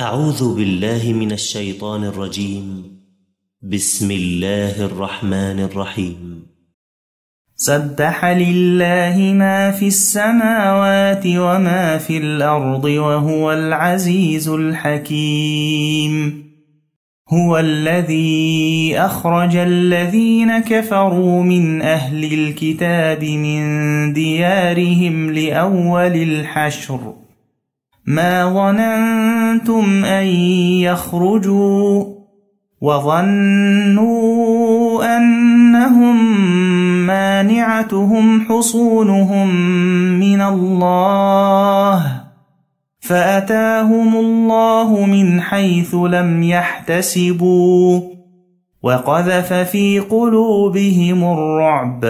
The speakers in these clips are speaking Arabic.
أعوذ بالله من الشيطان الرجيم بسم الله الرحمن الرحيم سبح لله ما في السماوات وما في الأرض وهو العزيز الحكيم هو الذي أخرج الذين كفروا من أهل الكتاب من ديارهم لأول الحشر ما ظننتم أن يخرجوا وظنوا أنهم مانعتهم حصونهم من الله فأتاهم الله من حيث لم يحتسبوا وقذف في قلوبهم الرعب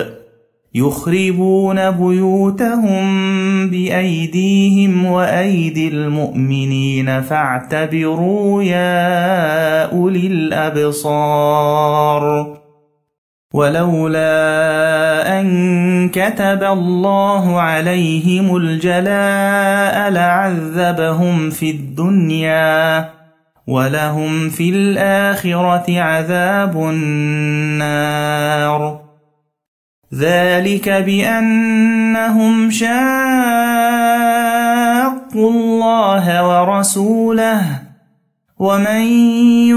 يخربون بيوتهم بأيديهم وأيدي المؤمنين فاعتبروا يا أولي الأبصار ولولا أن كتب الله عليهم الجلاء لعذبهم في الدنيا ولهم في الآخرة عذاب النار ذلك بأنهم شاقوا الله ورسوله ومن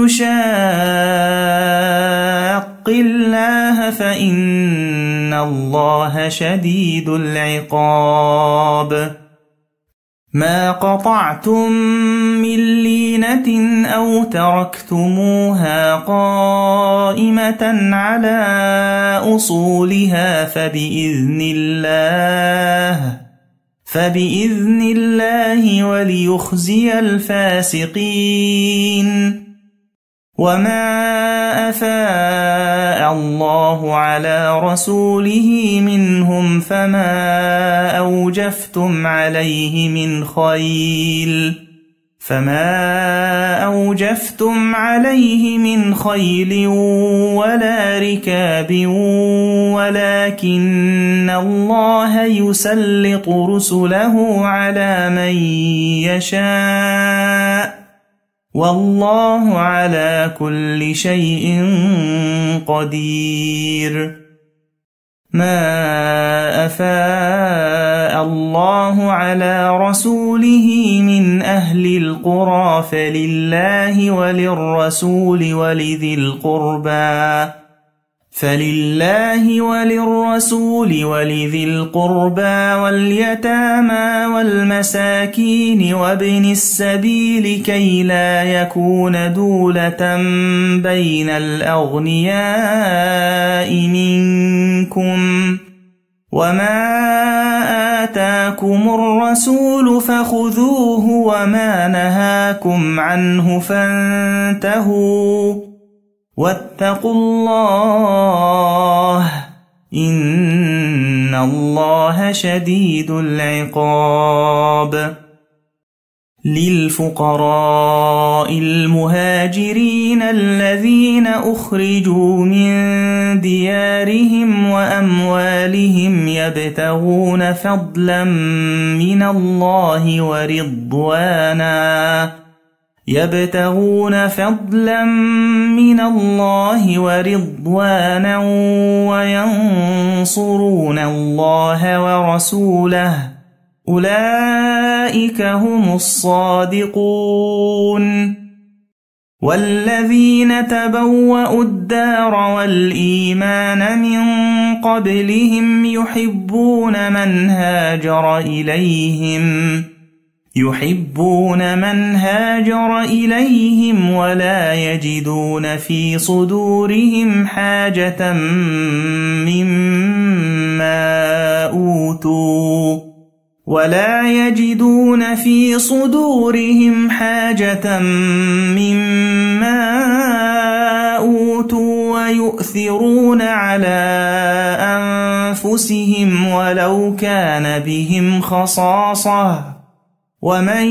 يشاق الله فإن الله شديد العقاب ما قطعتم من لينة أو تركتموها قائمة على أصولها فبإذن الله فبإذن الله وليخزي الفاسقين وما أفاء الله على رسوله منهم فما أوجفتم عليه من خيل فما أوجفتم عليه من خيل ولا ركاب ولكن الله يسلط رسله على من يشاء والله على كل شيء قدير ما أفاء الله على رسوله من أهل القرى فلله وللرسول ولذي القربى فلله وللرسول ولذي القربى واليتامى والمساكين وابن السبيل كي لا يكون دولة بين الأغنياء منكم وما آتاكم الرسول فخذوه وما نهاكم عنه فانتهوا واتقوا الله إن الله شديد العقاب للفقراء المهاجرين الذين أخرجوا من ديارهم وأموالهم يبتغون فضلا من الله ورضوانا يبتغون فضلا من الله ورضوانا وينصرون الله ورسوله أولئك هم الصادقون والذين تبوأوا الدار والإيمان من قبلهم يحبون من هاجر إليهم يحبون من هاجر إليهم ولا يجدون في صدورهم حاجة مما أوتوا ولا يجدون في صدورهم حاجة مما أوتوا ويؤثرون على أنفسهم ولو كان بهم خصاصة ومن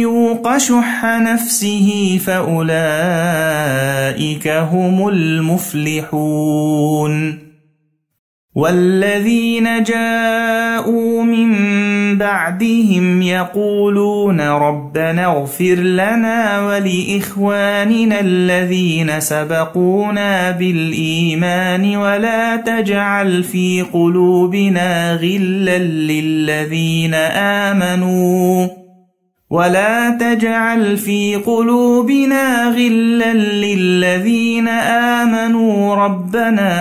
يوق شح نفسه فأولئك هم المفلحون والذين جاءوا من بعدهم يقولون ربنا اغفر لنا ولإخواننا الذين سبقونا بالإيمان ولا تجعل في قلوبنا غلا للذين آمنوا ولا تجعل في قلوبنا غلا للذين آمنوا ربنا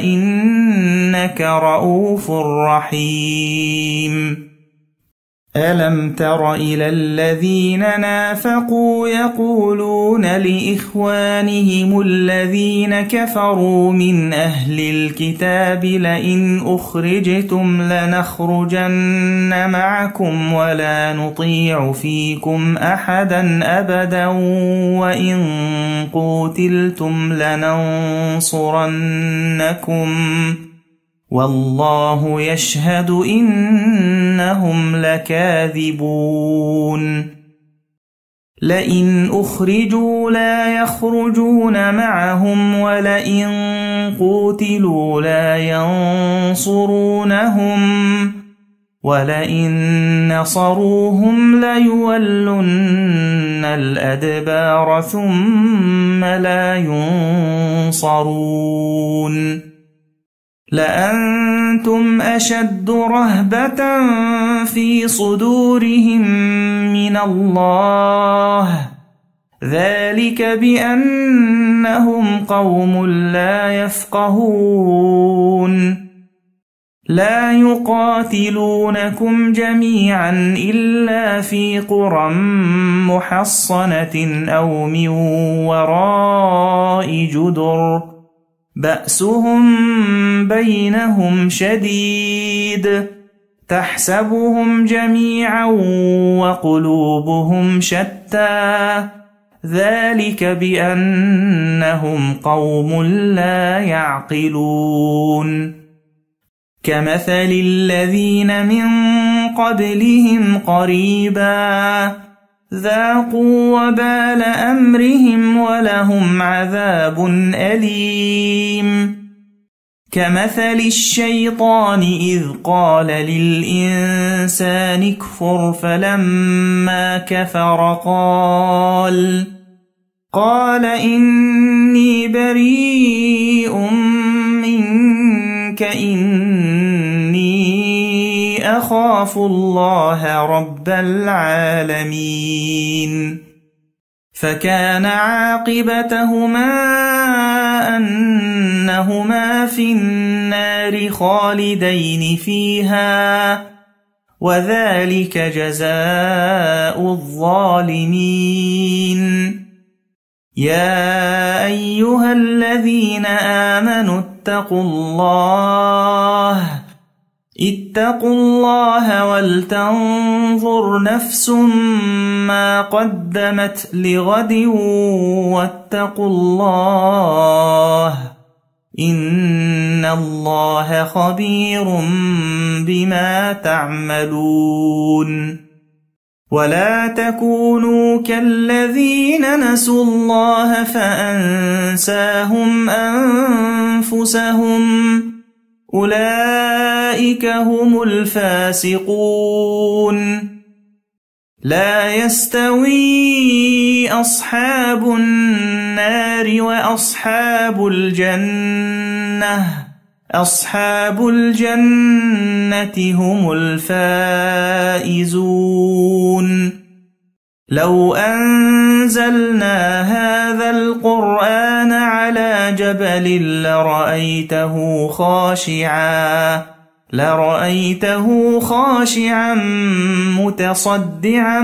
إنك رؤوف رحيم ألم تر إلى الذين نافقوا يقولون لإخوانهم الذين كفروا من أهل الكتاب لئن أخرجتم لنخرجن معكم ولا نطيع فيكم أحدا أبدا وإن قوتلتم لننصرنكم والله يشهد إن إنهم لكاذبون لئن أخرجوا لا يخرجون معهم ولئن قوتلوا لا ينصرونهم ولئن نصروهم ليولن الأدبار ثم لا ينصرون لأنتم أشد رهبة في صدورهم من الله ذلك بأنهم قوم لا يفقهون لا يقاتلونكم جميعا إلا في قرى محصنة أو من وراء جدر بأسهم بينهم شديد تحسبهم جميعا وقلوبهم شتى ذلك بأنهم قوم لا يعقلون كمثل الذين من قبلهم قريباً ذاقوا وبال أمرهم ولهم عذاب أليم كمثل الشيطان إذ قال للإنسان اكفر فلما كفر قال قال إني بريء منك إن أخاف الله رب العالمين فكان عاقبتهما أنهما في النار خالدين فيها وذلك جزاء الظالمين يا أيها الذين آمنوا اتقوا الله اتقوا الله ولتنظر نفس ما قدمت لغد واتقوا الله إن الله خبير بما تعملون ولا تكونوا كالذين نسوا الله فأنساهم أنفسهم أولئك هم الفاسقون لا يستوي أصحاب النار وأصحاب الجنة أصحاب الجنة هم الفائزون لو أنزلنا هذا القرآن على جبل لرأيته خاشعا لرأيته خاشعا متصدعا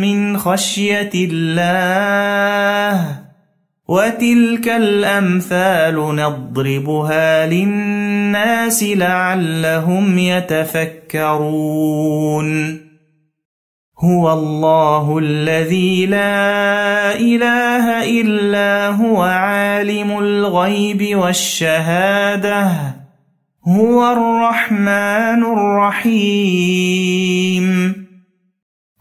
من خشية الله وتلك الأمثال نضربها للناس لعلهم يتفكرون هو الله الذي لا إله إلا هو عالم الغيب والشهادة هو الرحمن الرحيم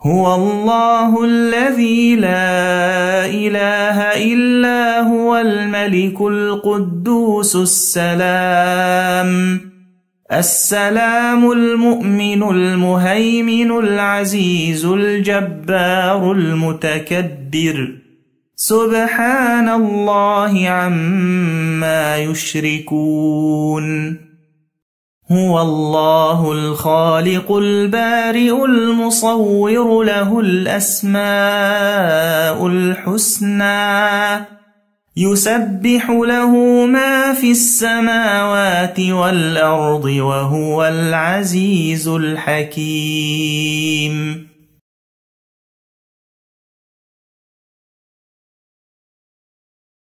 هو الله الذي لا إله إلا هو الملك القدوس السلام السلام المؤمن المهيمن العزيز الجبار المتكبر سبحان الله عما يشركون هو الله الخالق البارئ المصور له الأسماء الحسنى يسبح له ما في السماوات والأرض وهو العزيز الحكيم